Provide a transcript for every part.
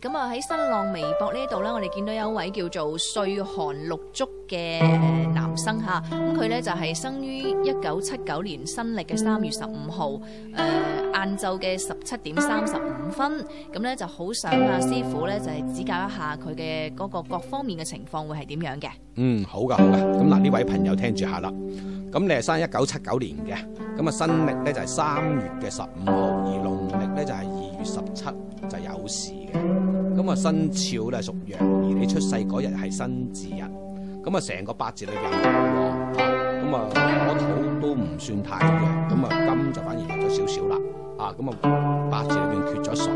咁啊喺新浪微博呢度咧，我哋見到有一位叫做歲寒六足嘅男生吓，咁佢咧就係生於一九七九年新曆嘅三月十五號，誒、呃，晏晝嘅十七點三十五分，咁咧就好想阿師傅咧就係指教一下佢嘅嗰個各方面嘅情況會係點樣嘅。嗯，好噶，好噶，咁嗱呢位朋友聽住下啦，咁你係生一九七九年嘅，咁啊新曆咧就係三月嘅十五號，而農曆咧就係。十七就有事嘅，咁、嗯、啊，生肖咧屬羊，而你出世嗰日係辛字日，咁、嗯、啊，成個八字裏邊木旺，咁、嗯、啊，火、嗯、土、那個、都唔算太弱。咁、嗯、啊，金就反而弱咗少少啦，啊，咁、嗯、啊，八字裏邊缺咗水，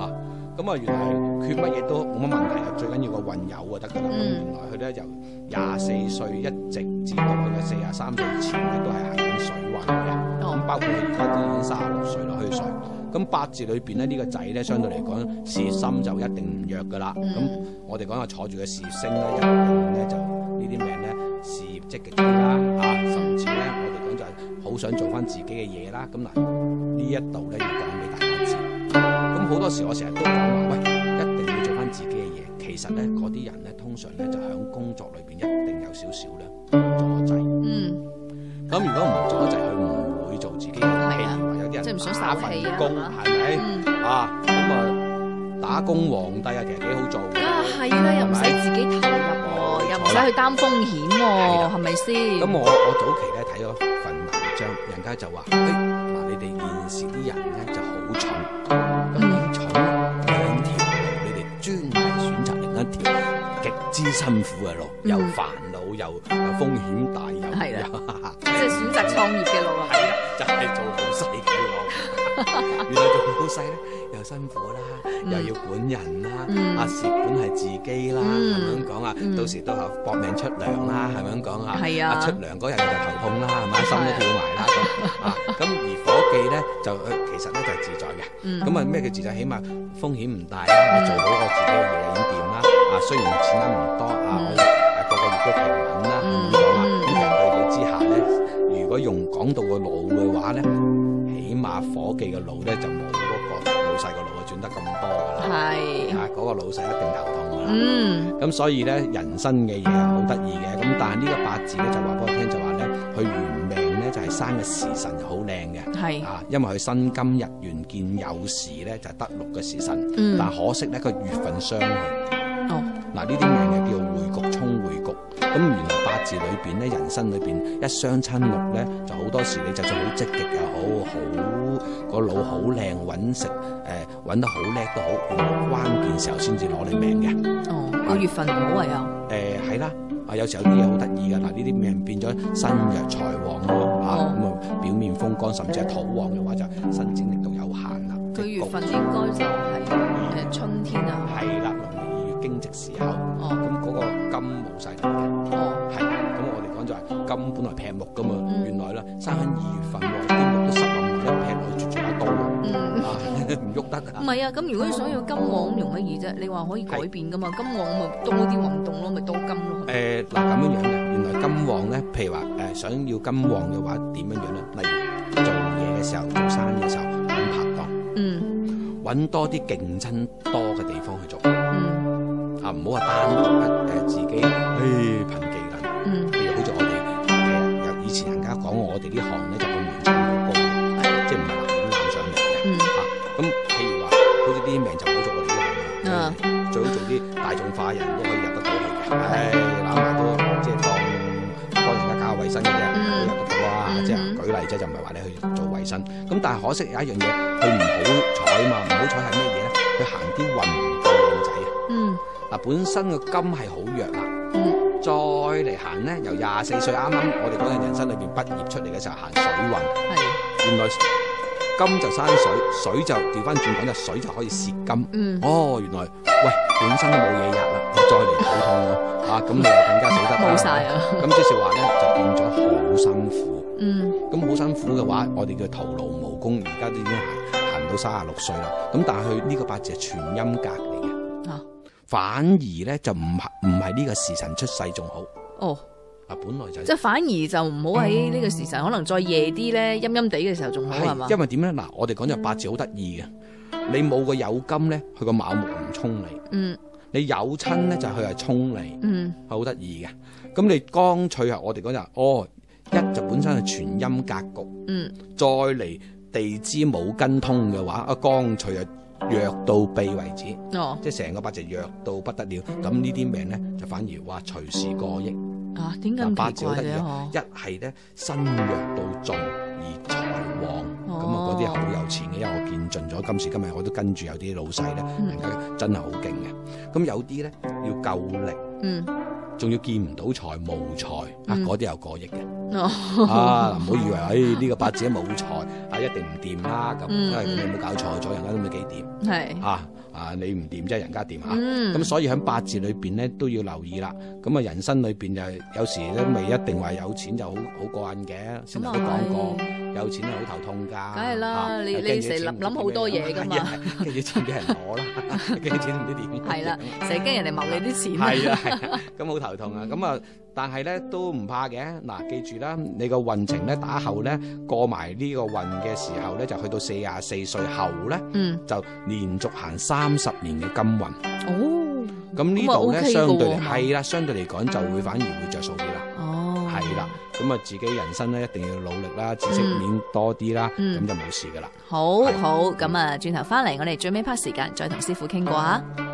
啊，咁啊，原來缺乜嘢都冇乜問題直直啊，最緊要個運有啊，得噶啦。咁原來佢咧由廿四歲一直至到佢嘅四十三歲前咧都係行緊水運嘅，咁包括佢已經卅六歲落去水。啊嗯嗯咁八字裏邊咧呢、這個仔咧相對嚟講，事業心就一定唔弱噶啦。咁、嗯、我哋講啊坐住嘅事，事業星咧一定咧就呢啲命咧事業積極啲啦。啊甚至咧我哋講就係好想做翻自己嘅嘢啦。咁嗱呢一度咧要講俾大家知。咁好多時我成日都講話喂，一定要做翻自己嘅嘢。其實咧嗰啲人咧通常咧就響工作裏邊一定有少少咧阻滯。做個仔嗯。咁如果唔阻滯佢唔會做自己嘅事、嗯即係唔想殺份工係咪啊？咁啊打工皇帝啊，其實幾好做啊！係啦、啊，吧又唔使自己投入喎、啊，哦、又唔使去擔風險喎、啊，係咪先？咁吧我我早期咧睇咗份文章，人家就話：誒，嗱，你哋現時啲人咧就。好。辛苦嘅路，又煩惱，又又風險大，又即係的 選擇創業嘅路啊！係啊，就係、係、做好細嘅路。 原來做老細咧，又辛苦啦，又要管人啦，啊，蝕本係自己啦，咁樣講啊，到時都係搏命出糧啦，係咪咁講啊？係啊，出糧嗰日就頭痛啦，係咪？心都跳埋啦，啊，咁而夥計咧就，其實咧就係自在嘅，咁啊咩叫自在？起碼風險唔大啦，我做到我自己嘅嘢掂啦，啊，雖然錢唔多啊，我個個月都平穩啦，咁樣啊，咁其實對比之下咧，如果用講到個腦嘅話咧。嘛，夥計嘅腦咧就冇嗰、嗰個是啊嗰個老細嘅腦啊，轉得咁多㗎啦。係，啊嗰個老細一定頭痛㗎啦。嗯，咁所以咧，人生嘅嘢係好得意嘅。咁、啊、但係呢個八字咧就話俾我聽就呢呢，就話咧佢原命咧就係生嘅時辰好靚嘅。係，啊，因為佢身今日元見有時咧就係、是、得六嘅時辰。嗯、但可惜咧佢月份傷佢。哦、嗯，嗱呢啲名就叫會局沖會局。咁。字裏邊咧，人生裏邊一相親六咧，就好多時你就算好積極又好，好個腦好靚揾食，誒揾得好叻都好，關鍵時候先至攞你命嘅。哦，個月份唔好啊又。誒係啦，啊有時候有啲嘢好得意嘅嗱，呢啲命變咗身弱財旺咯嚇，咁啊表面風光，甚至係土旺嘅話就生錢力度有限啦。個月份應該就係誒春天啊。係啦。經濟時候，咁嗰個金冇晒頭嘅，係咁我哋講就係金本來劈木噶嘛，原來咧生喺二月份啲木都濕淋淋，一劈落去足足一刀嘅，唔喐得。唔係啊，咁如果你想要金旺咁容易啫？你話可以改變噶嘛？金旺咪多啲運動咯，咪多金咯。誒，嗱咁樣樣嘅，原來金旺咧，譬如話誒想要金旺嘅話點樣樣咧？例如做嘢嘅時候，做生意嘅時候揾拍檔，嗯，揾多啲競爭多嘅地方去做。啊，唔好話單獨誒自己去憑技能，譬、哎嗯、如好似我哋誒，有、啊、以前人家講我哋呢行咧，就咁完窗務高，即係唔係話咁難上人嘅嚇。咁、嗯啊、譬如話，好似啲命就唔好做我哋呢行嘅，嗯、最好做啲大眾化人都可以入得到嘅。係，攬埋都即係當幫人家搞下衞生嘅啫，嗯、入得到啊！嗯、即係舉例啫，就唔係話你去做衞生。咁但係可惜有一樣嘢，佢唔好彩啊嘛，唔好彩係咩嘢咧？佢行啲運。嗱，本身個金係好弱啦，嗯、再嚟行咧，由廿四歲啱啱我哋講嘅人生裏邊畢業出嚟嘅時候行水運，係是原來金就生水，水就調翻轉講就水就可以蝕金，嗯、哦原來喂本身都冇嘢日啦，再嚟普通咯，吓咁你又更加死得，冇晒，咁即是話咧就變咗好辛苦，嗯，咁好辛苦嘅話，嗯、我哋叫徒勞無功，而家都已經行行到三十六歲啦，咁但係佢呢個八字係全陰格嚟嘅。反而咧就唔係唔係呢個時辰出世仲好哦。嗱，本來就係、即係反而就唔好喺呢個時辰，嗯、可能再夜啲咧陰陰地嘅時候仲好係嘛？是吧因為點咧？嗱，我哋講就八字好得意嘅。嗯、你冇個酉金咧，佢個卯木唔沖你。嗯，你酉親咧就佢係沖你。嗯，好得意嘅。咁你乾脆啊？我哋講就哦，一就本身係全陰格局。嗯，再嚟地支冇根通嘅話，啊乾脆啊！弱到痹為止，哦、即係成個八字弱到不得了，咁呢啲命咧就反而話隨時過億。啊，點解咁奇怪嘅？呢啊、一係咧身弱到盡而才旺，咁啊嗰啲好有錢嘅，嗯、因為我見盡咗，今時今日我都跟住有啲老細咧，嗯、人家真係好勁嘅。咁有啲咧要夠力。嗯仲要見唔到財無財啊！嗰啲有過億嘅啊！唔好以為誒呢個八字冇財啊，一定唔掂啦！咁都係你有冇搞錯咗？人家都唔知幾掂係啊！啊，你唔掂即係人家掂啊！咁所以喺八字裏邊咧都要留意啦。咁啊，人生裏邊就有時都未一定話有錢就好好過癮嘅，先頭都講過有錢係好頭痛㗎。梗係啦，你你成日諗好多嘢㗎嘛，驚啲錢俾人攞啦，驚啲錢唔知點係啦，成日驚人哋謀你啲錢。係啊係咁好。頭痛啊！咁啊、嗯，但係咧都唔怕嘅。嗱，記住啦，你個運程咧打後咧過埋呢個運嘅時候咧，就去到四廿四歲後咧，嗯、就連續行三十年嘅金運。哦，咁呢度咧相對係啦，相對嚟講就會反而會着數啲啦。哦、嗯，係、嗯、啦，咁啊自己人生咧一定要努力啦，知識面多啲啦，咁就冇事噶啦。好，好，咁啊轉頭翻嚟，我哋最尾 part 時間再同師傅傾過啊。嗯